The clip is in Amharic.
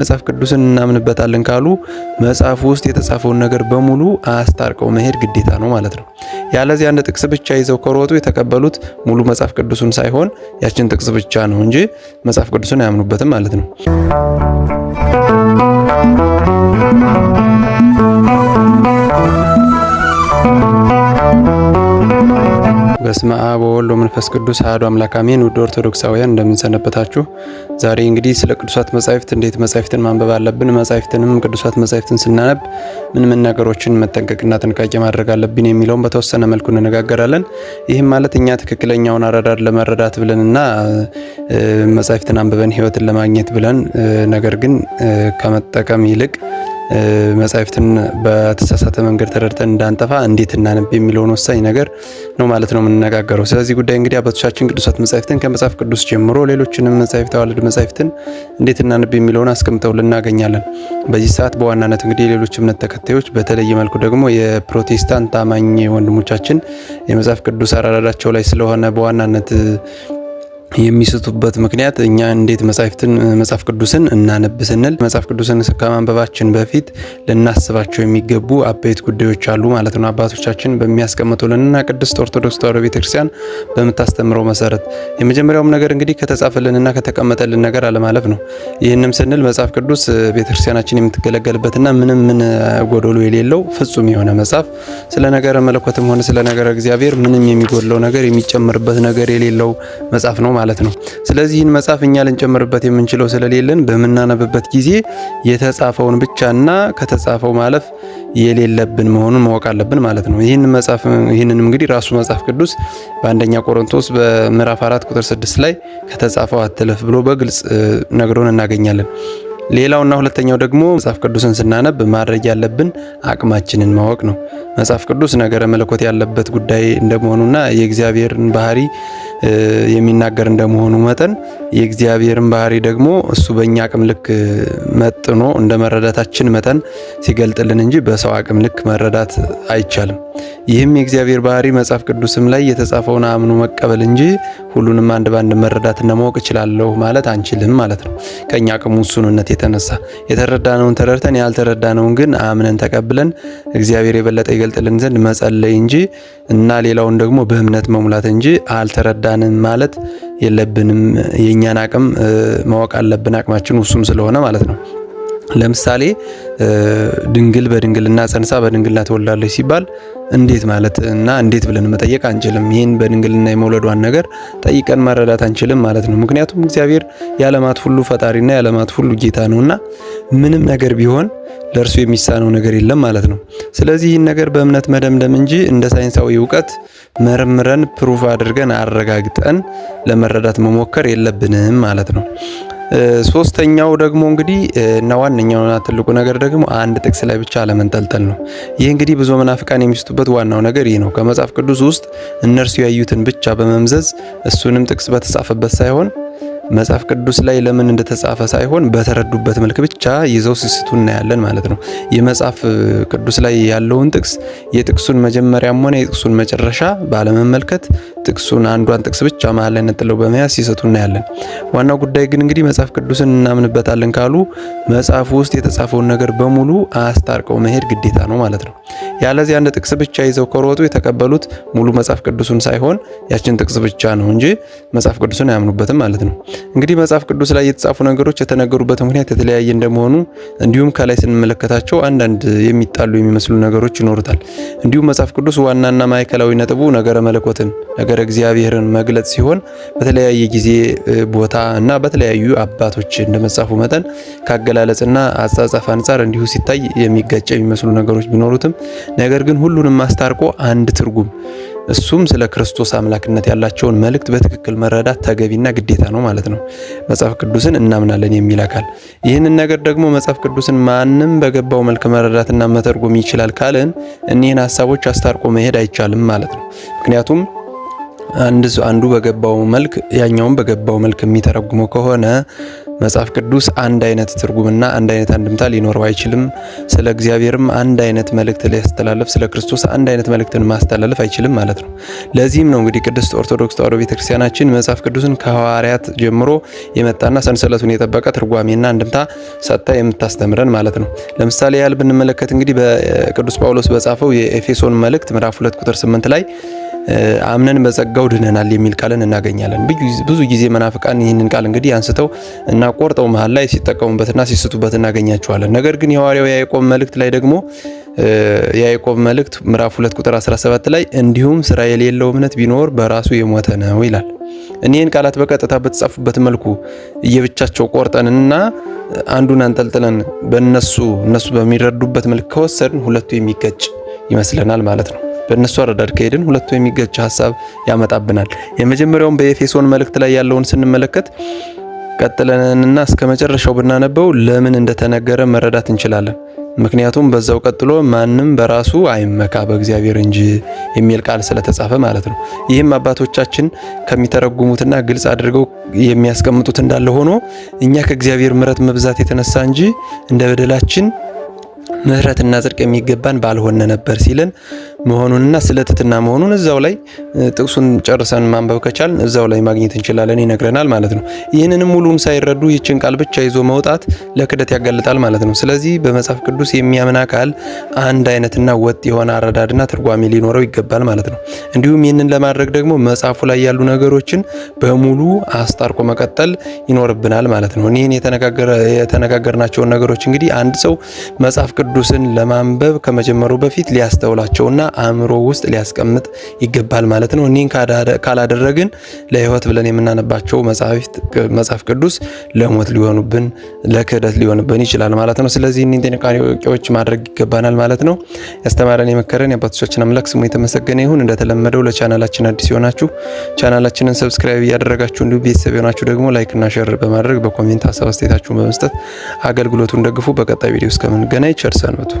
መጽሐፍ ቅዱስን እናምንበታለን ካሉ መጽሐፍ ውስጥ የተጻፈውን ነገር በሙሉ አስታርቀው መሄድ ግዴታ ነው ማለት ነው። ያለዚህ አንድ ጥቅስ ብቻ ይዘው ከሮጡ የተቀበሉት ሙሉ መጽሐፍ ቅዱሱን ሳይሆን ያችን ጥቅስ ብቻ ነው እንጂ መጽሐፍ ቅዱስን አያምኑበትም ማለት ነው። በስመ አብ ወወልድ ወመንፈስ ቅዱስ አሐዱ አምላክ አሜን። ውድ ኦርቶዶክሳውያን እንደምንሰነበታችሁ። ዛሬ እንግዲህ ስለ ቅዱሳት መጻሕፍት እንዴት መጻሕፍትን ማንበብ አለብን፣ መጻሕፍትንም ቅዱሳት መጻሕፍትን ስናነብ ምን ምን ነገሮችን መጠንቀቅና ጥንቃቄ ማድረግ አለብን የሚለውን በተወሰነ መልኩ እንነጋገራለን። ይህም ማለት እኛ ትክክለኛውን አረዳድ ለመረዳት ብለንና መጻሕፍትን አንብበን ሕይወትን ለማግኘት ብለን ነገር ግን ከመጠቀም ይልቅ መጻሕፍትን በተሳሳተ መንገድ ተረድተን እንዳንጠፋ እንዴት እናነብ የሚለውን ወሳኝ ነገር ነው ማለት ነው የምንነጋገረው። ስለዚህ ጉዳይ እንግዲህ አባቶቻችን ቅዱሳት መጻሕፍትን ከመጽሐፍ ቅዱስ ጀምሮ ሌሎችንም መጻሕፍት ተዋልድ መጻሕፍትን እንዴት እናንብ የሚለውን አስቀምጠው ልናገኛለን። በዚህ ሰዓት በዋናነት እንግዲህ ሌሎች እምነት ተከታዮች በተለየ መልኩ ደግሞ የፕሮቴስታንት ታማኝ ወንድሞቻችን የመጽሐፍ ቅዱስ አራዳዳቸው ላይ ስለሆነ በዋናነት የሚስቱበት ምክንያት እኛ እንዴት መጻሕፍትን መጽሐፍ ቅዱስን እናነብ ስንል መጽሐፍ ቅዱስን ከማንበባችን በፊት ልናስባቸው የሚገቡ አበይት ጉዳዮች አሉ ማለት ነው። አባቶቻችን በሚያስቀምጡልንና ቅድስት ኦርቶዶክስ ተዋሕዶ ቤተክርስቲያን በምታስተምረው መሰረት የመጀመሪያውም ነገር እንግዲህ ከተጻፈልንና ከተቀመጠልን ነገር አለማለፍ ነው። ይህንም ስንል መጽሐፍ ቅዱስ ቤተክርስቲያናችን የምትገለገልበትና ምንም ምን ጎደሎ የሌለው ፍጹም የሆነ መጽሐፍ ስለ ነገረ መለኮትም ሆነ ስለ ነገረ እግዚአብሔር ምንም የሚጎድለው ነገር የሚጨምርበት ነገር የሌለው መጽሐፍ ነው። ማለት ነው። ስለዚህ ይህን መጽሐፍ እኛ ልንጨምርበት የምንችለው ስለሌለን በምናነብበት ጊዜ የተጻፈውን ብቻና ከተጻፈው ማለፍ የሌለብን መሆኑን ማወቅ አለብን ማለት ነው። ይህን መጽሐፍ ይህንንም እንግዲህ ራሱ መጽሐፍ ቅዱስ በአንደኛ ቆሮንቶስ በምዕራፍ 4 ቁጥር 6 ላይ ከተጻፈው አትለፍ ብሎ በግልጽ ነግሮን እናገኛለን። ሌላውና ሁለተኛው ደግሞ መጽሐፍ ቅዱስን ስናነብ ማድረግ ያለብን አቅማችንን ማወቅ ነው። መጽሐፍ ቅዱስ ነገረ መለኮት ያለበት ጉዳይ እንደመሆኑና የእግዚአብሔርን ባህሪ የሚናገር እንደመሆኑ መጠን የእግዚአብሔርን ባህሪ ደግሞ እሱ በእኛ አቅም ልክ መጥኖ እንደ መረዳታችን መጠን ሲገልጥልን እንጂ በሰው አቅም ልክ መረዳት አይቻልም። ይህም የእግዚአብሔር ባህሪ መጽሐፍ ቅዱስም ላይ የተጻፈውን አምኖ መቀበል እንጂ ሁሉንም አንድ ባንድ መረዳትና ማወቅ እችላለሁ ማለት አንችልም ማለት ነው። ከእኛ አቅሙ ውሱንነት የተነሳ የተረዳነውን ተረድተን ያልተረዳነውን ግን አምነን ተቀብለን እግዚአብሔር የበለጠ ይገልጥልን ዘንድ መጸለይ እንጂ እና ሌላውን ደግሞ በእምነት መሙላት እንጂ አልተረዳ ተቻልን ማለት የለብንም። የእኛን አቅም ማወቅ አለብን፣ አቅማችን ውሱም ስለሆነ ማለት ነው። ለምሳሌ ድንግል በድንግልና ጸንሳ በድንግልና ተወልዳለች ሲባል እንዴት ማለት እና እንዴት ብለን መጠየቅ አንችልም። ይህን በድንግልና የመውለዷን ነገር ጠይቀን መረዳት አንችልም ማለት ነው። ምክንያቱም እግዚአብሔር የዓለማት ሁሉ ፈጣሪና የዓለማት ሁሉ ጌታ እና ምንም ነገር ቢሆን ለእርሱ የሚሳነው ነገር የለም ማለት ነው። ስለዚህ ይህን ነገር በእምነት መደምደም እንጂ እንደ ሳይንሳዊ እውቀት መርምረን ፕሩፍ አድርገን አረጋግጠን ለመረዳት መሞከር የለብንም ማለት ነው። ሶስተኛው ደግሞ እንግዲህ እና ዋነኛውና ትልቁ ነገር ደግሞ አንድ ጥቅስ ላይ ብቻ አለመንጠልጠል ነው። ይህ እንግዲህ ብዙ መናፍቃን የሚስቱበት ዋናው ነገር ይህ ነው። ከመጽሐፍ ቅዱስ ውስጥ እነርሱ ያዩትን ብቻ በመምዘዝ እሱንም ጥቅስ በተጻፈበት ሳይሆን መጽሐፍ ቅዱስ ላይ ለምን እንደተጻፈ ሳይሆን በተረዱበት መልክ ብቻ ይዘው ሲስቱ እናያለን ማለት ነው። የመጽሐፍ ቅዱስ ላይ ያለውን ጥቅስ የጥቅሱን መጀመሪያም ሆነ የጥቅሱን መጨረሻ ባለመመልከት ጥቅሱን አንዷን ጥቅስ ብቻ መሀል ላይ ነጥለው በመያዝ ሲስቱ እናያለን። ዋናው ጉዳይ ግን እንግዲህ መጽሐፍ ቅዱስን እናምንበታለን ካሉ መጽሐፉ ውስጥ የተጻፈውን ነገር በሙሉ አስታርቀው መሄድ ግዴታ ነው ማለት ነው። ያለዚህ አንድ ጥቅስ ብቻ ይዘው ከሮጡ የተቀበሉት ሙሉ መጽሐፍ ቅዱሱን ሳይሆን ያችን ጥቅስ ብቻ ነው እንጂ መጽሐፍ ቅዱስን አያምኑበትም ማለት ነው። እንግዲህ መጽሐፍ ቅዱስ ላይ የተጻፉ ነገሮች የተነገሩበት ምክንያት የተለያየ እንደመሆኑ እንዲሁም ከላይ ስንመለከታቸው አንዳንድ የሚጣሉ የሚመስሉ ነገሮች ይኖሩታል። እንዲሁም መጽሐፍ ቅዱስ ዋናና ማዕከላዊ ነጥቡ ነገረ መለኮትን፣ ነገረ እግዚአብሔርን መግለጽ ሲሆን በተለያየ ጊዜ ቦታ እና በተለያዩ አባቶች እንደመጻፉ መጠን ካገላለጽና አጻጻፍ አንጻር እንዲሁ ሲታይ የሚጋጭ የሚመስሉ ነገሮች ቢኖሩትም ነገር ግን ሁሉንም አስታርቆ አንድ ትርጉም እሱም ስለ ክርስቶስ አምላክነት ያላቸውን መልእክት በትክክል መረዳት ተገቢና ግዴታ ነው ማለት ነው። መጽሐፍ ቅዱስን እናምናለን የሚል አካል ይህንን ነገር ደግሞ መጽሐፍ ቅዱስን ማንም በገባው መልክ መረዳትና መተርጎም ይችላል ካልን እኒህን ሀሳቦች አስታርቆ መሄድ አይቻልም ማለት ነው። ምክንያቱም አንዱ በገባው መልክ ያኛውም በገባው መልክ የሚተረጉመው ከሆነ መጽሐፍ ቅዱስ አንድ አይነት ትርጉምና አንድ አይነት አንድምታ ሊኖረው አይችልም። ስለ እግዚአብሔርም አንድ አይነት መልእክት ሊያስተላልፍ ስለ ክርስቶስ አንድ አይነት መልእክትን ማስተላለፍ አይችልም ማለት ነው። ለዚህም ነው እንግዲህ ቅድስት ኦርቶዶክስ ተዋሕዶ ቤተክርስቲያናችን መጽሐፍ ቅዱስን ከሐዋርያት ጀምሮ የመጣና ሰንሰለቱን የጠበቀ ትርጓሜና አንድምታ ሰጥታ የምታስተምረን ማለት ነው። ለምሳሌ ያህል ብንመለከት እንግዲህ በቅዱስ ጳውሎስ በጻፈው የኤፌሶን መልእክት ምዕራፍ 2 ቁጥር 8 ላይ አምነን በጸጋው ድነናል የሚል ቃልን እናገኛለን። ብዙ ጊዜ መናፍቃን ይህንን ቃል እንግዲህ አንስተው እና ቆርጠው መሀል ላይ ሲጠቀሙበትና ሲስቱበት እናገኛቸዋለን። ነገር ግን የሐዋርያው የያዕቆብ መልእክት ላይ ደግሞ የያዕቆብ መልእክት ምዕራፍ 2 ቁጥር 17 ላይ እንዲሁም ስራ የሌለው እምነት ቢኖር በራሱ የሞተ ነው ይላል። እኒህን ቃላት በቀጥታ በተጻፉበት መልኩ እየብቻቸው ቆርጠንና አንዱን አንጠልጥለን በእነሱ እነሱ በሚረዱበት መልክ ከወሰድን ሁለቱ የሚገጭ ይመስለናል ማለት ነው። በእነሱ አረዳድ ከሄድን ሁለቱ የሚጋጭ ሀሳብ ያመጣብናል። የመጀመሪያውን በኤፌሶን መልእክት ላይ ያለውን ስንመለከት ቀጥለንና እስከ መጨረሻው ብናነበው ለምን እንደተነገረ መረዳት እንችላለን። ምክንያቱም በዛው ቀጥሎ ማንም በራሱ አይመካ በእግዚአብሔር እንጂ የሚል ቃል ስለተጻፈ ማለት ነው። ይህም አባቶቻችን ከሚተረጉሙትና ግልጽ አድርገው የሚያስቀምጡት እንዳለ ሆኖ እኛ ከእግዚአብሔር ምሕረት መብዛት የተነሳ እንጂ እንደ በደላችን ምሕረትና ጽድቅ የሚገባን ባልሆነ ነበር ሲለን መሆኑንና ስለ ትህትና መሆኑን እዛው ላይ ጥቅሱን ጨርሰን ማንበብ ከቻልን እዛው ላይ ማግኘት እንችላለን ይነግረናል ማለት ነው። ይህንንም ሙሉን ሳይረዱ ይችን ቃል ብቻ ይዞ መውጣት ለክደት ያጋልጣል ማለት ነው። ስለዚህ በመጽሐፍ ቅዱስ የሚያምን አካል አንድ አይነትና ወጥ የሆነ አረዳድና ትርጓሜ ሊኖረው ይገባል ማለት ነው። እንዲሁም ይህንን ለማድረግ ደግሞ መጽሐፉ ላይ ያሉ ነገሮችን በሙሉ አስታርቆ መቀጠል ይኖርብናል ማለት ነው። ይህን የተነጋገርናቸውን ነገሮች እንግዲህ አንድ ሰው መጽሐፍ ቅዱስን ለማንበብ ከመጀመሩ በፊት ሊያስተውላቸውና አእምሮ ውስጥ ሊያስቀምጥ ይገባል ማለት ነው። እኒህን ካላደረግን ለህይወት ብለን የምናነባቸው መጽሐፍ ቅዱስ ለሞት ሊሆኑብን፣ ለክህደት ሊሆንብን ይችላል ማለት ነው። ስለዚህ እኒህን ጥንቃቄዎች ማድረግ ይገባናል ማለት ነው። ያስተማረን የመከረን የአባቶቻችን አምላክ ስሙ የተመሰገነ ይሁን። እንደተለመደው ለቻናላችን አዲስ የሆናችሁ ቻናላችንን ሰብስክራይብ እያደረጋችሁ እንዲሁም ቤተሰብ የሆናችሁ ደግሞ ላይክና ሸር በማድረግ በኮሜንት ሀሳብ አስተያየታችሁን በመስጠት አገልግሎቱን ደግፉ። በቀጣይ ቪዲዮ እስከምንገናኝ ቸር ሰንብቱ።